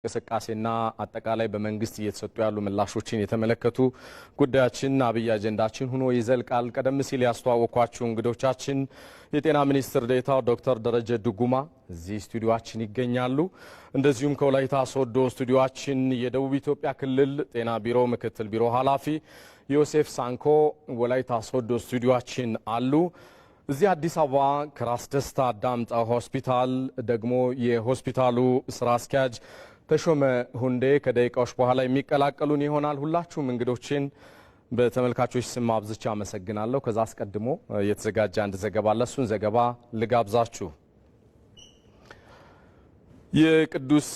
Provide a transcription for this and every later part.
እንቅስቃሴና አጠቃላይ በመንግስት እየተሰጡ ያሉ ምላሾችን የተመለከቱ ጉዳያችን አብይ አጀንዳችን ሆኖ ይዘልቃል። ቀደም ሲል ያስተዋወኳችሁ እንግዶቻችን የጤና ሚኒስትር ዴታው ዶክተር ደረጀ ድጉማ እዚህ ስቱዲዮችን ይገኛሉ። እንደዚሁም ከወላይታ ሶዶ ስቱዲዮችን የደቡብ ኢትዮጵያ ክልል ጤና ቢሮ ምክትል ቢሮ ኃላፊ ዮሴፍ ሳንኮ ወላይታ ሶዶ ስቱዲዮችን አሉ። እዚህ አዲስ አበባ ከራስ ደስታ ዳምጣ ሆስፒታል ደግሞ የሆስፒታሉ ስራ አስኪያጅ ተሾመ ሁንዴ ከደቂቃዎች በኋላ የሚቀላቀሉን ይሆናል። ሁላችሁም እንግዶችን በተመልካቾች ስም አብዝቻ አመሰግናለሁ። ከዛ አስቀድሞ የተዘጋጀ አንድ ዘገባ አለ። ዘገባ ልጋብዛችሁ። የቅዱስ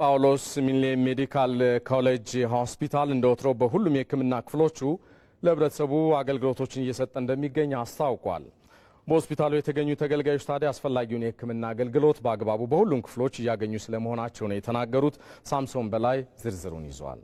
ጳውሎስ ሚሊኒየም ሜዲካል ኮሌጅ ሆስፒታል እንደ ወትሮ በሁሉም የሕክምና ክፍሎቹ ለህብረተሰቡ አገልግሎቶችን እየሰጠ እንደሚገኝ አስታውቋል። በሆስፒታሉ የተገኙ ተገልጋዮች ታዲያ አስፈላጊውን የሕክምና አገልግሎት በአግባቡ በሁሉም ክፍሎች እያገኙ ስለመሆናቸው ነው የተናገሩት። ሳምሶን በላይ ዝርዝሩን ይዟል።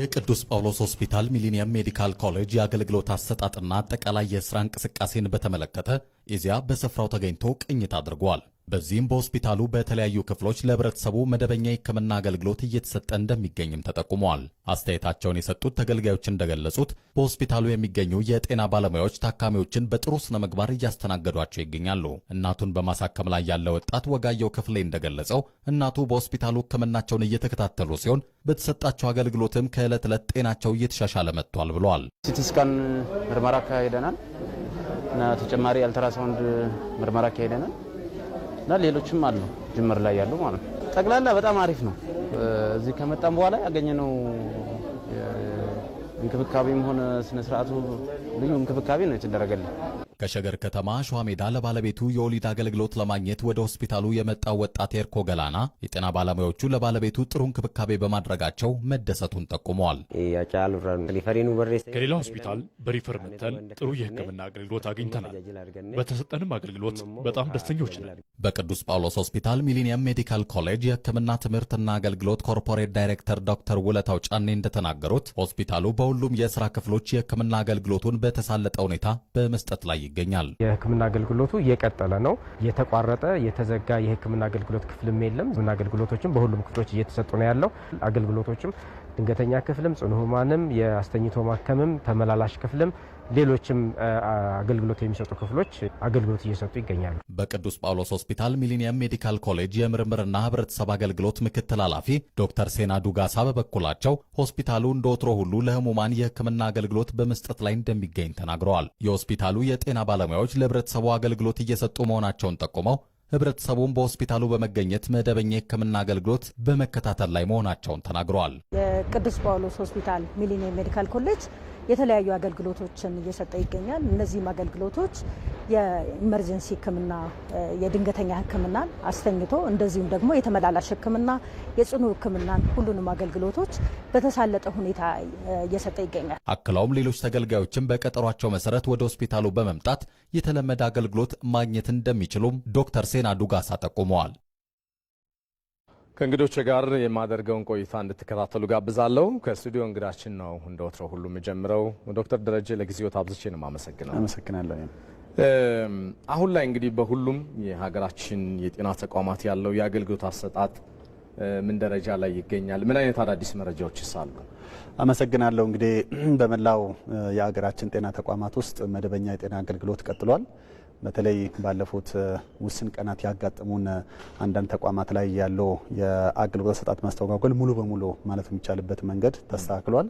የቅዱስ ጳውሎስ ሆስፒታል ሚሊኒየም ሜዲካል ኮሌጅ የአገልግሎት አሰጣጥና አጠቃላይ የስራ እንቅስቃሴን በተመለከተ ኢዚያ በስፍራው ተገኝቶ ቅኝት አድርጓል። በዚህም በሆስፒታሉ በተለያዩ ክፍሎች ለህብረተሰቡ መደበኛ የህክምና አገልግሎት እየተሰጠ እንደሚገኝም ተጠቁመዋል። አስተያየታቸውን የሰጡት ተገልጋዮች እንደገለጹት በሆስፒታሉ የሚገኙ የጤና ባለሙያዎች ታካሚዎችን በጥሩ ስነ ምግባር እያስተናገዷቸው ይገኛሉ። እናቱን በማሳከም ላይ ያለ ወጣት ወጋየው ክፍሌ እንደገለጸው እናቱ በሆስፒታሉ ህክምናቸውን እየተከታተሉ ሲሆን በተሰጣቸው አገልግሎትም ከዕለት ዕለት ጤናቸው እየተሻሻለ መጥቷል ብለዋል። ሲቲስካን ምርመራ አካሄደናል እና ተጨማሪ አልትራሳውንድ ምርመራ አካሄደናል እና ሌሎችም አሉ ጅምር ላይ ያሉ ማለት ነው። ጠቅላላ በጣም አሪፍ ነው። እዚህ ከመጣም በኋላ ያገኘነው እንክብካቤም ሆነ ስነስርዓቱ ልዩ እንክብካቤ ነው የተደረገልን። ከሸገር ከተማ ሸዋ ሜዳ ለባለቤቱ የወሊድ አገልግሎት ለማግኘት ወደ ሆስፒታሉ የመጣው ወጣት ኤርኮ ገላና የጤና ባለሙያዎቹ ለባለቤቱ ጥሩ እንክብካቤ በማድረጋቸው መደሰቱን ጠቁመዋል። ከሌላ ሆስፒታል በሪፈር መተን ጥሩ የሕክምና አገልግሎት አግኝተናል። በተሰጠንም አገልግሎት በጣም ደስተኞች ነን። በቅዱስ ጳውሎስ ሆስፒታል ሚሊኒየም ሜዲካል ኮሌጅ የሕክምና ትምህርትና አገልግሎት ኮርፖሬት ዳይሬክተር ዶክተር ውለታው ጫኔ እንደተናገሩት ሆስፒታሉ በሁሉም የስራ ክፍሎች የሕክምና አገልግሎቱን በተሳለጠ ሁኔታ በመስጠት ላይ ይገኛል። የህክምና አገልግሎቱ እየቀጠለ ነው። የተቋረጠ የተዘጋ የህክምና አገልግሎት ክፍልም የለም። ህክምና አገልግሎቶችም በሁሉም ክፍሎች እየተሰጡ ነው ያለው። አገልግሎቶችም ድንገተኛ ክፍልም፣ ጽኑ ህሙማንም፣ የአስተኝቶ ማከምም፣ ተመላላሽ ክፍልም ሌሎችም አገልግሎት የሚሰጡ ክፍሎች አገልግሎት እየሰጡ ይገኛሉ። በቅዱስ ጳውሎስ ሆስፒታል ሚሊኒየም ሜዲካል ኮሌጅ የምርምርና ህብረተሰብ አገልግሎት ምክትል ኃላፊ ዶክተር ሴና ዱጋሳ በበኩላቸው ሆስፒታሉ እንደ ወትሮ ሁሉ ለህሙማን የህክምና አገልግሎት በመስጠት ላይ እንደሚገኝ ተናግረዋል። የሆስፒታሉ የጤና ባለሙያዎች ለህብረተሰቡ አገልግሎት እየሰጡ መሆናቸውን ጠቁመው ህብረተሰቡም በሆስፒታሉ በመገኘት መደበኛ የህክምና አገልግሎት በመከታተል ላይ መሆናቸውን ተናግረዋል። የቅዱስ ጳውሎስ ሆስፒታል ሚሊኒየም ሜዲካል ኮሌጅ የተለያዩ አገልግሎቶችን እየሰጠ ይገኛል። እነዚህም አገልግሎቶች የኢመርጀንሲ ሕክምና፣ የድንገተኛ ሕክምናን አስተኝቶ እንደዚሁም ደግሞ የተመላላሽ ሕክምና፣ የጽኑ ሕክምናን ሁሉንም አገልግሎቶች በተሳለጠ ሁኔታ እየሰጠ ይገኛል። አክለውም ሌሎች ተገልጋዮችን በቀጠሯቸው መሰረት ወደ ሆስፒታሉ በመምጣት የተለመደ አገልግሎት ማግኘት እንደሚችሉም ዶክተር ሴና ዱጋሳ ጠቁመዋል። ከእንግዶች ጋር የማደርገውን ቆይታ እንድትከታተሉ ጋብዛለሁ። ከስቱዲዮ እንግዳችን ነው እንደ ወትረው ሁሉ የምጀምረው። ዶክተር ደረጀ ለጊዜው ታብዝቼ ነው የማመሰግነው። አመሰግናለሁ። አሁን ላይ እንግዲህ በሁሉም የሀገራችን የጤና ተቋማት ያለው የአገልግሎት አሰጣጥ ምን ደረጃ ላይ ይገኛል? ምን አይነት አዳዲስ መረጃዎች አሉ? አመሰግናለሁ። እንግዲህ በመላው የሀገራችን ጤና ተቋማት ውስጥ መደበኛ የጤና አገልግሎት ቀጥሏል። በተለይ ባለፉት ውስን ቀናት ያጋጠሙን አንዳንድ ተቋማት ላይ ያለው የአገልግሎት አሰጣጥ ማስተጓጎል ሙሉ በሙሉ ማለት የሚቻልበት መንገድ ተስተካክሏል።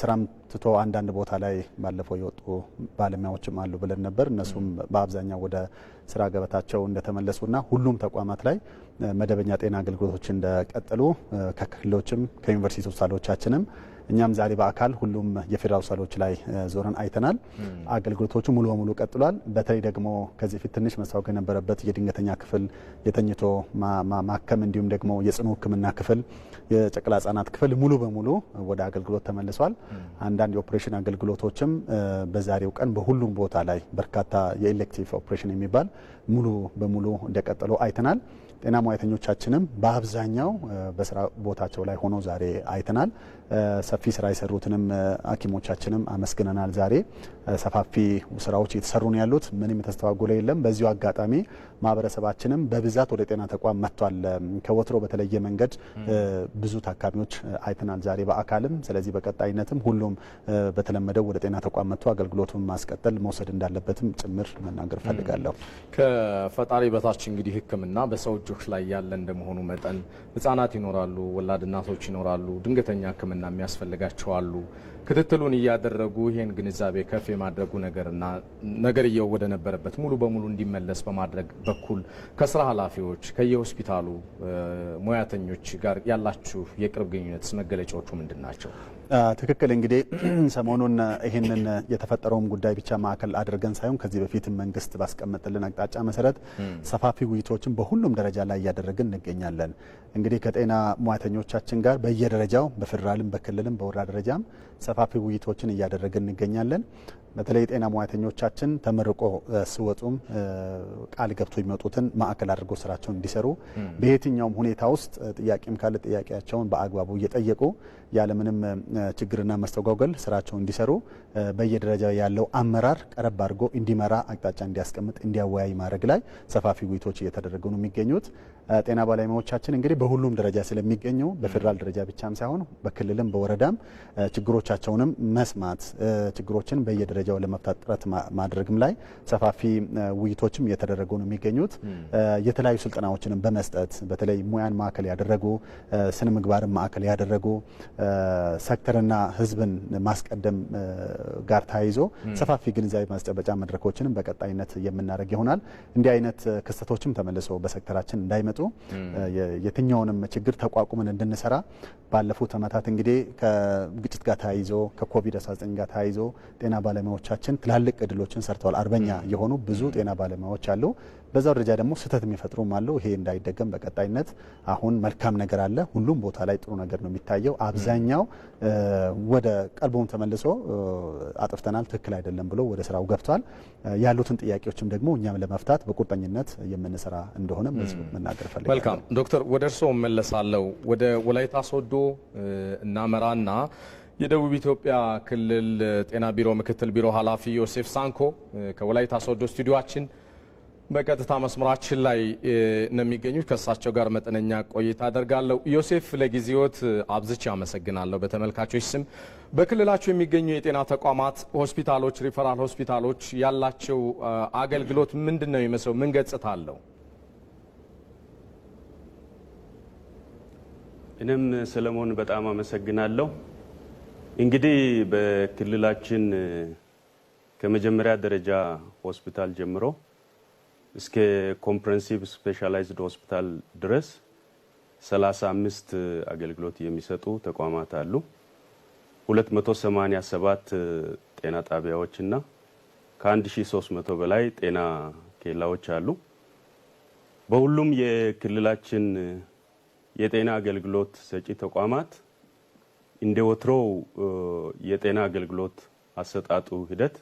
ስራም ትቶ አንዳንድ ቦታ ላይ ባለፈው የወጡ ባለሙያዎችም አሉ ብለን ነበር። እነሱም በአብዛኛው ወደ ስራ ገበታቸው እንደተመለሱና ሁሉም ተቋማት ላይ መደበኛ ጤና አገልግሎቶች እንደቀጠሉ ከክልሎችም ከዩኒቨርሲቲ ውሳሎቻችንም እኛም ዛሬ በአካል ሁሉም የፌዴራል ውሳሎች ላይ ዞረን አይተናል። አገልግሎቶቹ ሙሉ በሙሉ ቀጥሏል። በተለይ ደግሞ ከዚህ ፊት ትንሽ መስታወቅ የነበረበት የድንገተኛ ክፍል የተኝቶ ማከም እንዲሁም ደግሞ የጽኑ ሕክምና ክፍል የጨቅላ ህጻናት ክፍል ሙሉ በሙሉ ወደ አገልግሎት ተመልሷል። አንዳንድ የኦፕሬሽን አገልግሎቶችም በዛሬው ቀን በሁሉም ቦታ ላይ በርካታ የኤሌክቲቭ ኦፕሬሽን የሚባል ሙሉ በሙሉ እንደቀጠሉ አይተናል። ጤና ሙያተኞቻችንም በአብዛኛው በስራ ቦታቸው ላይ ሆኖ ዛሬ አይተናል። ሰፊ ስራ የሰሩትንም ሐኪሞቻችንም አመስግነናል። ዛሬ ሰፋፊ ስራዎች እየተሰሩ ነው ያሉት፣ ምንም የተስተጓጎለ የለም። በዚሁ አጋጣሚ ማህበረሰባችንም በብዛት ወደ ጤና ተቋም መጥቷል። ከወትሮ በተለየ መንገድ ብዙ ታካሚዎች አይተናል ዛሬ በአካልም። ስለዚህ በቀጣይነትም ሁሉም በተለመደው ወደ ጤና ተቋም መጥቶ አገልግሎቱን ማስቀጠል መውሰድ እንዳለበትም ጭምር መናገር ፈልጋለሁ። ከፈጣሪ በታች እንግዲህ ሕክምና በሰው እጆች ላይ ያለ እንደመሆኑ መጠን ህጻናት ይኖራሉ፣ ወላድ እናቶች ይኖራሉ፣ ድንገተኛ ሕክምና ሕክምና የሚያስፈልጋቸው አሉ። ክትትሉን እያደረጉ ይህን ግንዛቤ ከፍ የማድረጉ ነገርና እየው ወደ ነበረበት ሙሉ በሙሉ እንዲመለስ በማድረግ በኩል ከስራ ኃላፊዎች ከየሆስፒታሉ ሙያተኞች ጋር ያላችሁ የቅርብ ግንኙነት መገለጫዎቹ ምንድን ናቸው? ትክክል እንግዲህ ሰሞኑን ይህንን የተፈጠረውን ጉዳይ ብቻ ማዕከል አድርገን ሳይሆን ከዚህ በፊት መንግስት ባስቀመጥልን አቅጣጫ መሰረት ሰፋፊ ውይይቶችን በሁሉም ደረጃ ላይ እያደረግን እንገኛለን። እንግዲህ ከጤና ሙያተኞቻችን ጋር በየደረጃው በፌዴራልም፣ በክልልም፣ በወረዳ ደረጃም ሰፋፊ ውይይቶችን እያደረግን እንገኛለን። በተለይ የጤና ሙያተኞቻችን ተመርቆ ሲወጡም ቃል ገብቶ የሚወጡትን ማዕከል አድርጎ ስራቸውን እንዲሰሩ በየትኛውም ሁኔታ ውስጥ ጥያቄም ካለ ጥያቄያቸውን በአግባቡ እየጠየቁ ያለምንም ችግርና መስተጓጎል ስራቸው እንዲሰሩ በየደረጃው ያለው አመራር ቀረብ አድርጎ እንዲመራ አቅጣጫ እንዲያስቀምጥ እንዲያወያይ ማድረግ ላይ ሰፋፊ ውይይቶች እየተደረጉ ነው የሚገኙት። ጤና ባለሙያዎቻችን እንግዲህ በሁሉም ደረጃ ስለሚገኙ በፌዴራል ደረጃ ብቻም ሳይሆን በክልልም በወረዳም ችግሮቻቸውንም መስማት ችግሮችን በየደረጃው ለመፍታት ጥረት ማድረግም ላይ ሰፋፊ ውይይቶችም እየተደረጉ ነው የሚገኙት። የተለያዩ ስልጠናዎችንም በመስጠት በተለይ ሙያን ማዕከል ያደረጉ ስነ ምግባርን ማዕከል ያደረጉ ሰክተርና ህዝብን ማስቀደም ጋር ተያይዞ ሰፋፊ ግንዛቤ ማስጨበጫ መድረኮችንም በቀጣይነት የምናደርግ ይሆናል። እንዲህ አይነት ክስተቶችም ተመልሰው በሰክተራችን እንዳይመጡ የትኛውንም ችግር ተቋቁመን እንድንሰራ ባለፉት ዓመታት እንግዲህ ከግጭት ጋር ተያይዞ ከኮቪድ-19 ጋር ተያይዞ ጤና ባለሙያዎቻችን ትላልቅ እድሎችን ሰርተዋል። አርበኛ የሆኑ ብዙ ጤና ባለሙያዎች አሉ። በዛው ደረጃ ደግሞ ስህተት የሚፈጥሩም አለው። ይሄ እንዳይደገም በቀጣይነት አሁን መልካም ነገር አለ። ሁሉም ቦታ ላይ ጥሩ ነገር ነው የሚታየው። አብዛኛው ወደ ቀልቦም ተመልሶ አጥፍተናል፣ ትክክል አይደለም ብሎ ወደ ስራው ገብቷል። ያሉትን ጥያቄዎችም ደግሞ እኛም ለመፍታት በቁርጠኝነት የምንሰራ እንደሆነ መናገር ፈልጋለሁ። መልካም ዶክተር፣ ወደ እርስዎ መለሳለሁ። ወደ ወላይታ ሶዶ እናመራና የደቡብ ኢትዮጵያ ክልል ጤና ቢሮ ምክትል ቢሮ ኃላፊ ዮሴፍ ሳንኮ ከወላይታ ሶዶ ስቱዲዮችን በቀጥታ መስመራችን ላይ ነው የሚገኙት። ከእሳቸው ጋር መጠነኛ ቆይታ አደርጋለሁ። ዮሴፍ ለጊዜዎት አብዝቼ አመሰግናለሁ። በተመልካቾች ስም በክልላቸው የሚገኙ የጤና ተቋማት፣ ሆስፒታሎች፣ ሪፈራል ሆስፒታሎች ያላቸው አገልግሎት ምንድን ነው የሚመስለው? ምን ገጽታ አለው? እኔም ሰለሞን በጣም አመሰግናለሁ። እንግዲህ በክልላችን ከመጀመሪያ ደረጃ ሆስፒታል ጀምሮ እስከ ኮምፕረንሲቭ ስፔሻላይዝድ ሆስፒታል ድረስ 35 አገልግሎት የሚሰጡ ተቋማት አሉ። 287 ጤና ጣቢያዎች እና ከ1300 በላይ ጤና ኬላዎች አሉ። በሁሉም የክልላችን የጤና አገልግሎት ሰጪ ተቋማት እንደ ወትሮው የጤና አገልግሎት አሰጣጡ ሂደት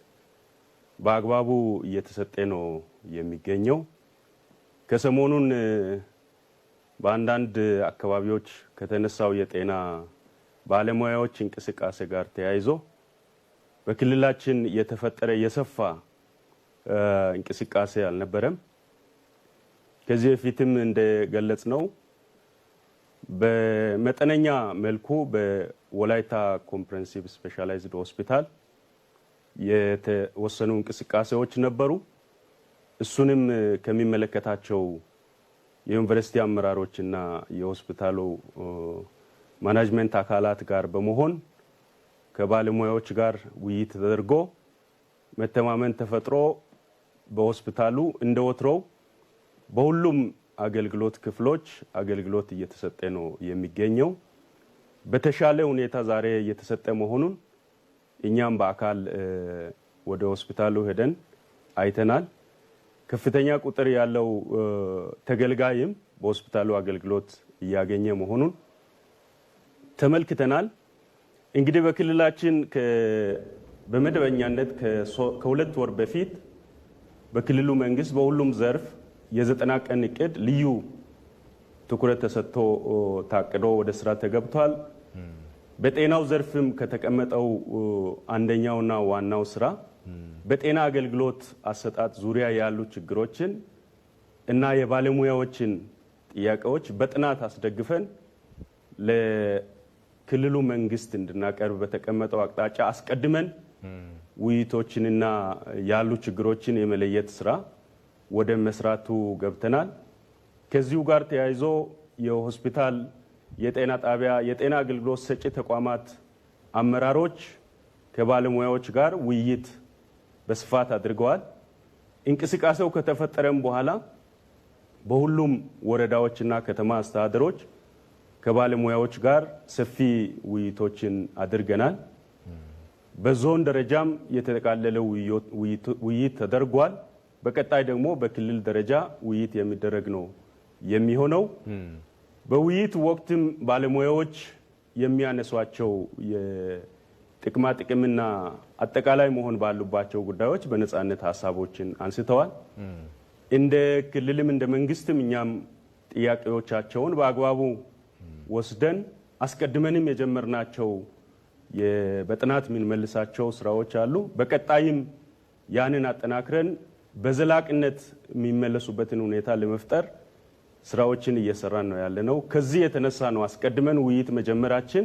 በአግባቡ እየተሰጠ ነው የሚገኘው። ከሰሞኑን በአንዳንድ አካባቢዎች ከተነሳው የጤና ባለሙያዎች እንቅስቃሴ ጋር ተያይዞ በክልላችን የተፈጠረ የሰፋ እንቅስቃሴ አልነበረም። ከዚህ በፊትም እንደገለጽ ነው በመጠነኛ መልኩ በወላይታ ኮምፕሬንሲቭ ስፔሻላይዝድ ሆስፒታል የተወሰኑ እንቅስቃሴዎች ነበሩ። እሱንም ከሚመለከታቸው የዩኒቨርሲቲ እና የሆስፒታሉ ማናጅመንት አካላት ጋር በመሆን ከባለሙያዎች ጋር ውይይት ተደርጎ መተማመን ተፈጥሮ በሆስፒታሉ እንደ ወትሮው በሁሉም አገልግሎት ክፍሎች አገልግሎት እየተሰጠ ነው የሚገኘው። በተሻለ ሁኔታ ዛሬ እየተሰጠ መሆኑን እኛም በአካል ወደ ሆስፒታሉ ሄደን አይተናል። ከፍተኛ ቁጥር ያለው ተገልጋይም በሆስፒታሉ አገልግሎት እያገኘ መሆኑን ተመልክተናል። እንግዲህ በክልላችን በመደበኛነት ከሁለት ወር በፊት በክልሉ መንግስት በሁሉም ዘርፍ የዘጠና ቀን እቅድ ልዩ ትኩረት ተሰጥቶ ታቅዶ ወደ ስራ ተገብቷል። በጤናው ዘርፍም ከተቀመጠው አንደኛውና ዋናው ስራ በጤና አገልግሎት አሰጣጥ ዙሪያ ያሉ ችግሮችን እና የባለሙያዎችን ጥያቄዎች በጥናት አስደግፈን ለክልሉ መንግስት እንድናቀርብ በተቀመጠው አቅጣጫ አስቀድመን ውይይቶችንና ያሉ ችግሮችን የመለየት ስራ ወደ መስራቱ ገብተናል። ከዚሁ ጋር ተያይዞ የሆስፒታል የጤና ጣቢያ፣ የጤና አገልግሎት ሰጪ ተቋማት አመራሮች ከባለሙያዎች ጋር ውይይት በስፋት አድርገዋል። እንቅስቃሴው ከተፈጠረም በኋላ በሁሉም ወረዳዎችና ከተማ አስተዳደሮች ከባለሙያዎች ጋር ሰፊ ውይይቶችን አድርገናል። በዞን ደረጃም የተጠቃለለ ውይይት ተደርጓል። በቀጣይ ደግሞ በክልል ደረጃ ውይይት የሚደረግ ነው የሚሆነው። በውይይት ወቅትም ባለሙያዎች የሚያነሷቸው የጥቅማ ጥቅምና አጠቃላይ መሆን ባሉባቸው ጉዳዮች በነፃነት ሀሳቦችን አንስተዋል። እንደ ክልልም እንደ መንግስትም እኛም ጥያቄዎቻቸውን በአግባቡ ወስደን አስቀድመንም የጀመርናቸው በጥናት የምንመልሳቸው ስራዎች አሉ። በቀጣይም ያንን አጠናክረን በዘላቅነት የሚመለሱበትን ሁኔታ ለመፍጠር ስራዎችን እየሰራን ነው ነው። ከዚህ የተነሳ ነው አስቀድመን ውይይት መጀመራችን፣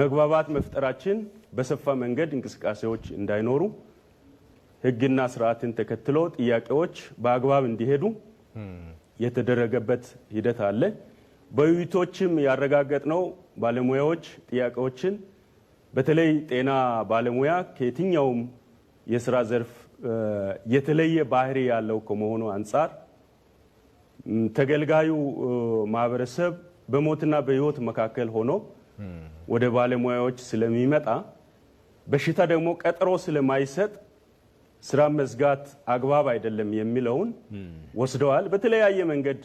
መግባባት መፍጠራችን በሰፋ መንገድ እንቅስቃሴዎች እንዳይኖሩ ህግና ስርዓትን ተከትሎ ጥያቄዎች በአግባብ እንዲሄዱ የተደረገበት ሂደት አለ። በውይይቶችም ነው ባለሙያዎች ጥያቄዎችን በተለይ ጤና ባለሙያ ከየትኛውም የስራ ዘርፍ የተለየ ባህሪ ያለው ከመሆኑ አንጻር ተገልጋዩ ማህበረሰብ በሞትና በህይወት መካከል ሆኖ ወደ ባለሙያዎች ስለሚመጣ በሽታ ደግሞ ቀጠሮ ስለማይሰጥ ስራ መዝጋት አግባብ አይደለም የሚለውን ወስደዋል። በተለያየ መንገድ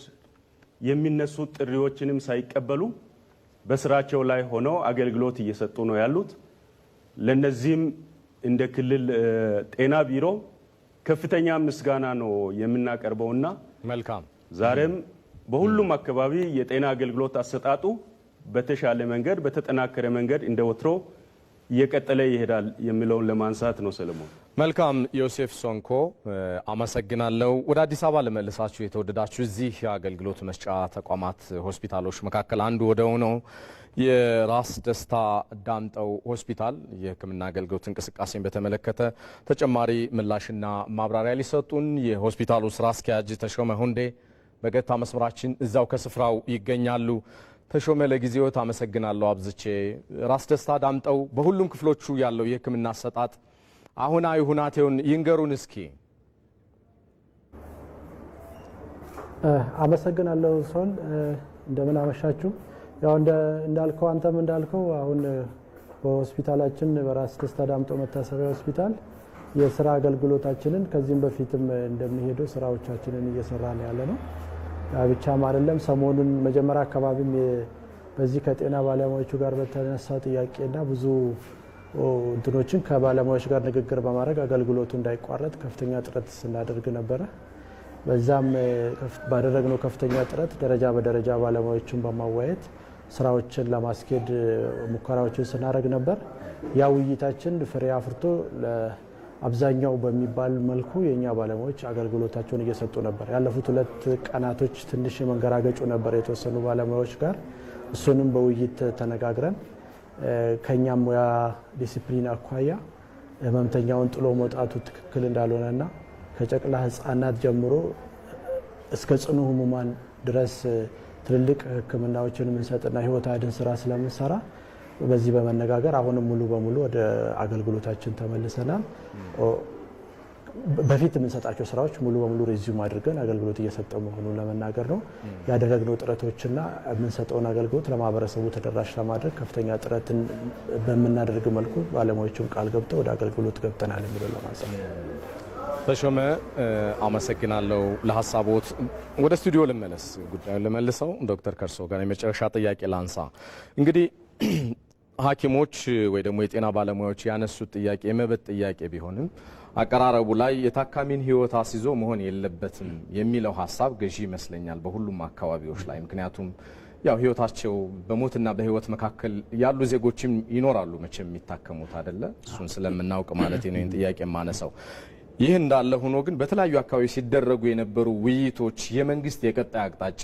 የሚነሱ ጥሪዎችንም ሳይቀበሉ በስራቸው ላይ ሆነው አገልግሎት እየሰጡ ነው ያሉት። ለነዚህም እንደ ክልል ጤና ቢሮ ከፍተኛ ምስጋና ነው የምናቀርበውና መልካም ዛሬም በሁሉም አካባቢ የጤና አገልግሎት አሰጣጡ በተሻለ መንገድ በተጠናከረ መንገድ እንደ ወትሮ እየቀጠለ ይሄዳል የሚለውን ለማንሳት ነው። ሰለሞን መልካም ዮሴፍ ሶንኮ አመሰግናለሁ። ወደ አዲስ አበባ ለመልሳችሁ የተወደዳችሁ እዚህ የአገልግሎት መስጫ ተቋማት ሆስፒታሎች መካከል አንዱ ወደ ሆነው የራስ ደስታ ዳምጠው ሆስፒታል የሕክምና አገልግሎት እንቅስቃሴን በተመለከተ ተጨማሪ ምላሽና ማብራሪያ ሊሰጡን የሆስፒታሉ ስራ አስኪያጅ ተሾመ ሁንዴ በቀጥታ መስመራችን እዛው ከስፍራው ይገኛሉ። ተሾመ ለጊዜዎት አመሰግናለሁ አብዝቼ። ራስ ደስታ ዳምጠው በሁሉም ክፍሎቹ ያለው የሕክምና አሰጣጥ አሁናዊ ሁናቴውን ይንገሩን እስኪ። አመሰግናለሁ ሶል፣ እንደምን አመሻችሁ። ያው እንዳልከው አንተም እንዳልከው አሁን በሆስፒታላችን በራስ ደስታ ዳምጠው መታሰቢያ ሆስፒታል የስራ አገልግሎታችንን ከዚህም በፊትም እንደምንሄደው ስራዎቻችንን እየሰራ ያለ ነው። ብቻም አይደለም። ሰሞኑን መጀመሪያ አካባቢም በዚህ ከጤና ባለሙያዎቹ ጋር በተነሳ ጥያቄና ብዙ እንትኖችን ከባለሙያዎች ጋር ንግግር በማድረግ አገልግሎቱ እንዳይቋረጥ ከፍተኛ ጥረት ስናደርግ ነበረ። በዛም ባደረግነው ከፍተኛ ጥረት ደረጃ በደረጃ ባለሙያዎቹን በማዋየት ስራዎችን ለማስኬድ ሙከራዎችን ስናደርግ ነበር። ያ ውይይታችን ፍሬ አፍርቶ አብዛኛው በሚባል መልኩ የእኛ ባለሙያዎች አገልግሎታቸውን እየሰጡ ነበር። ያለፉት ሁለት ቀናቶች ትንሽ መንገራገጩ ነበር የተወሰኑ ባለሙያዎች ጋር። እሱንም በውይይት ተነጋግረን ከእኛ ሙያ ዲሲፕሊን አኳያ ህመምተኛውን ጥሎ መውጣቱ ትክክል እንዳልሆነና ከጨቅላ ህጻናት ጀምሮ እስከ ጽኑ ህሙማን ድረስ ትልልቅ ህክምናዎችን የምንሰጥና ህይወት አድን ስራ ስለምንሰራ በዚህ በመነጋገር አሁንም ሙሉ በሙሉ ወደ አገልግሎታችን ተመልሰናል። በፊት የምንሰጣቸው ስራዎች ሙሉ በሙሉ ሬዚዩም አድርገን አገልግሎት እየሰጠ መሆኑን ለመናገር ነው። ያደረግነው ጥረቶችና የምንሰጠውን አገልግሎት ለማህበረሰቡ ተደራሽ ለማድረግ ከፍተኛ ጥረትን በምናደርግ መልኩ ባለሙያዎችም ቃል ገብተው ወደ አገልግሎት ገብተናል የሚለው ለማንሳት። ተሾመ አመሰግናለሁ ለሀሳቦት። ወደ ስቱዲዮ ልመለስ፣ ጉዳዩን ልመልሰው ዶክተር ከርሶ ጋር የመጨረሻ ጥያቄ ላንሳ እንግዲህ ሐኪሞች ወይ ደግሞ የጤና ባለሙያዎች ያነሱት ጥያቄ የመብት ጥያቄ ቢሆንም አቀራረቡ ላይ የታካሚን ሕይወት አስይዞ መሆን የለበትም የሚለው ሀሳብ ገዢ ይመስለኛል በሁሉም አካባቢዎች ላይ። ምክንያቱም ያው ህይወታቸው በሞትና በህይወት መካከል ያሉ ዜጎችም ይኖራሉ መቼም የሚታከሙት አይደለ? እሱን ስለምናውቅ ማለት ነው ይህን ጥያቄ የማነሳው። ይህ እንዳለ ሆኖ ግን በተለያዩ አካባቢዎች ሲደረጉ የነበሩ ውይይቶች የመንግስት የቀጣይ አቅጣጫ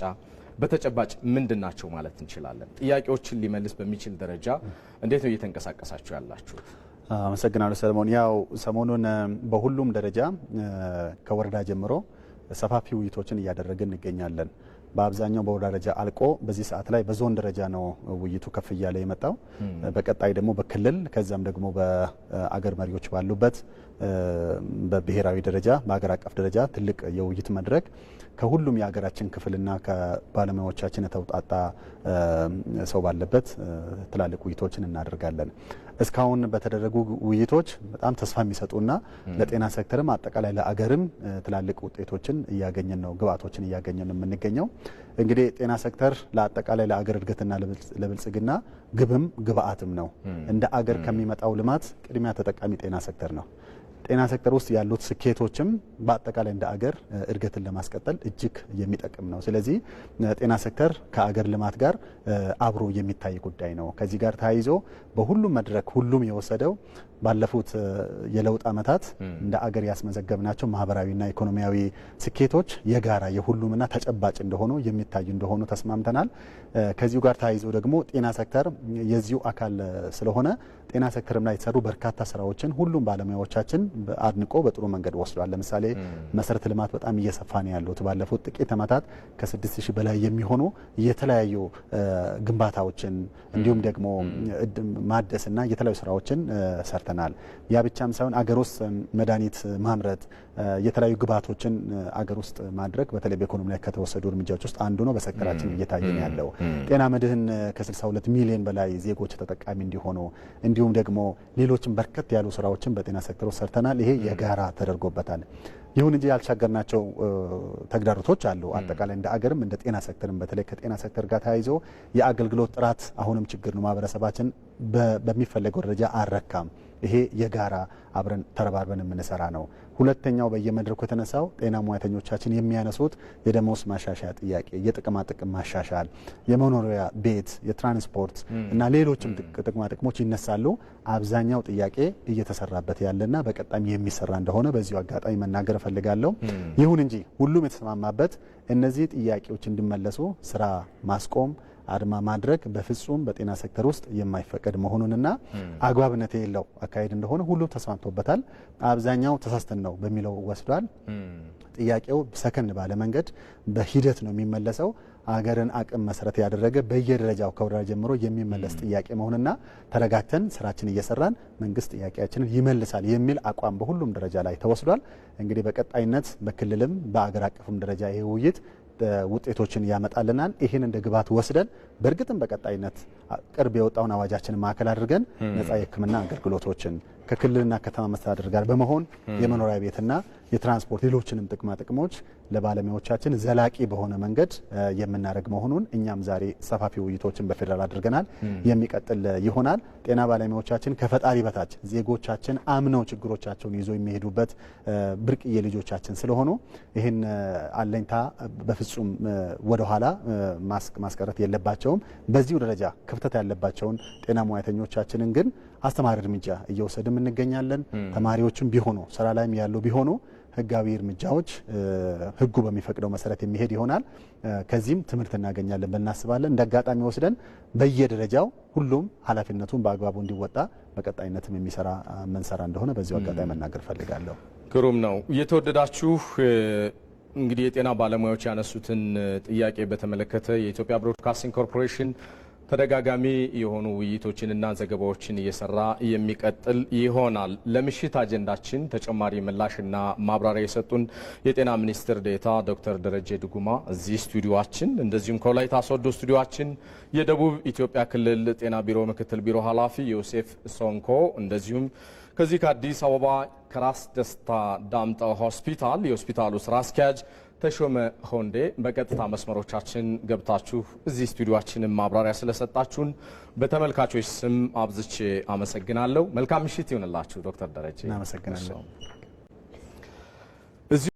በተጨባጭ ምንድን ናቸው ማለት እንችላለን? ጥያቄዎችን ሊመልስ በሚችል ደረጃ እንዴት ነው እየተንቀሳቀሳችሁ ያላችሁ? አመሰግናለሁ ሰለሞን። ያው ሰሞኑን በሁሉም ደረጃ ከወረዳ ጀምሮ ሰፋፊ ውይይቶችን እያደረግን እንገኛለን። በአብዛኛው በወረዳ ደረጃ አልቆ በዚህ ሰዓት ላይ በዞን ደረጃ ነው ውይይቱ ከፍ እያለ የመጣው። hmm. በቀጣይ ደግሞ በክልል ከዚያም ደግሞ በአገር መሪዎች ባሉበት በብሔራዊ ደረጃ በሀገር አቀፍ ደረጃ ትልቅ የውይይት መድረክ ከሁሉም የሀገራችን ክፍልና ከባለሙያዎቻችን የተውጣጣ ሰው ባለበት ትላልቅ ውይይቶችን እናደርጋለን። እስካሁን በተደረጉ ውይይቶች በጣም ተስፋ የሚሰጡና ለጤና ሴክተርም አጠቃላይ ለአገርም ትላልቅ ውጤቶችን እያገኘን ነው፣ ግብአቶችን እያገኘን የምንገኘው። እንግዲህ ጤና ሴክተር ለአጠቃላይ ለአገር እድገትና ለብልጽግና ግብም ግብአትም ነው። እንደ አገር ከሚመጣው ልማት ቅድሚያ ተጠቃሚ ጤና ሴክተር ነው። ጤና ሴክተር ውስጥ ያሉት ስኬቶችም በአጠቃላይ እንደ አገር እድገትን ለማስቀጠል እጅግ የሚጠቅም ነው። ስለዚህ ጤና ሴክተር ከአገር ልማት ጋር አብሮ የሚታይ ጉዳይ ነው። ከዚህ ጋር ተያይዞ በሁሉም መድረክ ሁሉም የወሰደው ባለፉት የለውጥ ዓመታት እንደ አገር ያስመዘገብናቸው ማህበራዊና ኢኮኖሚያዊ ስኬቶች የጋራ የሁሉምና ተጨባጭ እንደሆኑ የሚታይ እንደሆኑ ተስማምተናል። ከዚሁ ጋር ተያይዞ ደግሞ ጤና ሴክተር የዚሁ አካል ስለሆነ ጤና ሴክተርም ላይ የተሰሩ በርካታ ስራዎችን ሁሉም ባለሙያዎቻችን አድንቆ በጥሩ መንገድ ወስዷል። ለምሳሌ መሰረተ ልማት በጣም እየሰፋ ነው ያሉት። ባለፉት ጥቂት ዓመታት ከ6000 በላይ የሚሆኑ የተለያዩ ግንባታዎችን እንዲሁም ደግሞ ማደስና የተለያዩ ስራዎችን ሰርተናል። ተመልክተናል። ያ ብቻም ሳይሆን አገር ውስጥ መድኃኒት ማምረት፣ የተለያዩ ግብዓቶችን አገር ውስጥ ማድረግ በተለይ በኢኮኖሚ ላይ ከተወሰዱ እርምጃዎች ውስጥ አንዱ ነው። በሴክተራችን እየታየ ያለው። ጤና መድህን ከ62 ሚሊዮን በላይ ዜጎች ተጠቃሚ እንዲሆኑ እንዲሁም ደግሞ ሌሎችም በርከት ያሉ ስራዎችን በጤና ሴክተር ውስጥ ሰርተናል። ይሄ የጋራ ተደርጎበታል። ይሁን እንጂ ያልሻገርናቸው ተግዳሮቶች አሉ። አጠቃላይ እንደ አገርም እንደ ጤና ሴክተርም በተለይ ከጤና ሴክተር ጋር ተያይዞ የአገልግሎት ጥራት አሁንም ችግር ነው። ማህበረሰባችን በሚፈለገው ደረጃ አልረካም። ይሄ የጋራ አብረን ተረባርበን የምንሰራ ነው። ሁለተኛው በየመድረኩ የተነሳው ጤና ሙያተኞቻችን የሚያነሱት የደሞዝ ማሻሻያ ጥያቄ፣ የጥቅማጥቅም ማሻሻል፣ የመኖሪያ ቤት፣ የትራንስፖርት እና ሌሎችም ጥቅማ ጥቅሞች ይነሳሉ። አብዛኛው ጥያቄ እየተሰራበት ያለና በቀጣሚ የሚሰራ እንደሆነ በዚሁ አጋጣሚ መናገር እፈልጋለሁ። ይሁን እንጂ ሁሉም የተስማማበት እነዚህ ጥያቄዎች እንዲመለሱ ስራ ማስቆም አድማ ማድረግ በፍጹም በጤና ሴክተር ውስጥ የማይፈቀድ መሆኑንና አግባብነት የሌለው አካሄድ እንደሆነ ሁሉም ተስማምቶበታል። አብዛኛው ተሳስተን ነው በሚለው ወስዷል። ጥያቄው ሰከን ባለ መንገድ በሂደት ነው የሚመለሰው አገርን አቅም መሰረት ያደረገ በየደረጃው ከወረዳ ጀምሮ የሚመለስ ጥያቄ መሆንና ተረጋግተን ስራችን እየሰራን መንግስት ጥያቄያችንን ይመልሳል የሚል አቋም በሁሉም ደረጃ ላይ ተወስዷል። እንግዲህ በቀጣይነት በክልልም በአገር አቀፍም ደረጃ ይህ ውይይት ውጤቶችን ያመጣልናል። ይህን እንደ ግብዓት ወስደን በእርግጥም በቀጣይነት ቅርብ የወጣውን አዋጃችንን ማዕከል አድርገን ነጻ የሕክምና አገልግሎቶችን ከክልልና ከተማ መስተዳደር ጋር በመሆን የመኖሪያ ቤትና የትራንስፖርት ሌሎችንም ጥቅማ ጥቅሞች ለባለሙያዎቻችን ዘላቂ በሆነ መንገድ የምናደርግ መሆኑን እኛም ዛሬ ሰፋፊ ውይይቶችን በፌዴራል አድርገናል። የሚቀጥል ይሆናል። ጤና ባለሙያዎቻችን ከፈጣሪ በታች ዜጎቻችን አምነው ችግሮቻቸውን ይዞ የሚሄዱበት ብርቅዬ ልጆቻችን ስለሆኑ ይህን አለኝታ በፍጹም ወደኋላ ማስቀረት የለባቸው ናቸውም። በዚሁ ደረጃ ክፍተት ያለባቸውን ጤና ሙያተኞቻችንን ግን አስተማሪ እርምጃ እየወሰድም እንገኛለን። ተማሪዎችም ቢሆኑ ስራ ላይም ያሉ ቢሆኑ ህጋዊ እርምጃዎች ህጉ በሚፈቅደው መሰረት የሚሄድ ይሆናል። ከዚህም ትምህርት እናገኛለን ብለን እናስባለን። እንደ አጋጣሚ ወስደን በየደረጃው ሁሉም ኃላፊነቱን በአግባቡ እንዲወጣ በቀጣይነትም የሚሰራ መንሰራ እንደሆነ በዚሁ አጋጣሚ መናገር ፈልጋለሁ። ግሩም ነው እየተወደዳችሁ እንግዲህ የጤና ባለሙያዎች ያነሱትን ጥያቄ በተመለከተ የኢትዮጵያ ብሮድካስቲንግ ኮርፖሬሽን ተደጋጋሚ የሆኑ ውይይቶችንና ዘገባዎችን እየሰራ የሚቀጥል ይሆናል። ለምሽት አጀንዳችን ተጨማሪ ምላሽና ማብራሪያ የሰጡን የጤና ሚኒስትር ዴታ ዶክተር ደረጀ ድጉማ እዚህ ስቱዲዮችን፣ እንደዚሁም ከወላይታ ሶዶ ስቱዲዮችን የደቡብ ኢትዮጵያ ክልል ጤና ቢሮ ምክትል ቢሮ ኃላፊ ዮሴፍ ሶንኮ እንደዚሁም ከዚህ ከአዲስ አበባ ከራስ ደስታ ዳምጠ ሆስፒታል የሆስፒታሉ ስራ አስኪያጅ ተሾመ ሆንዴ በቀጥታ መስመሮቻችን ገብታችሁ እዚህ ስቱዲዮችንን ማብራሪያ ስለሰጣችሁን በተመልካቾች ስም አብዝቼ አመሰግናለሁ። መልካም ምሽት ይሆንላችሁ ዶክተር ደረጀ።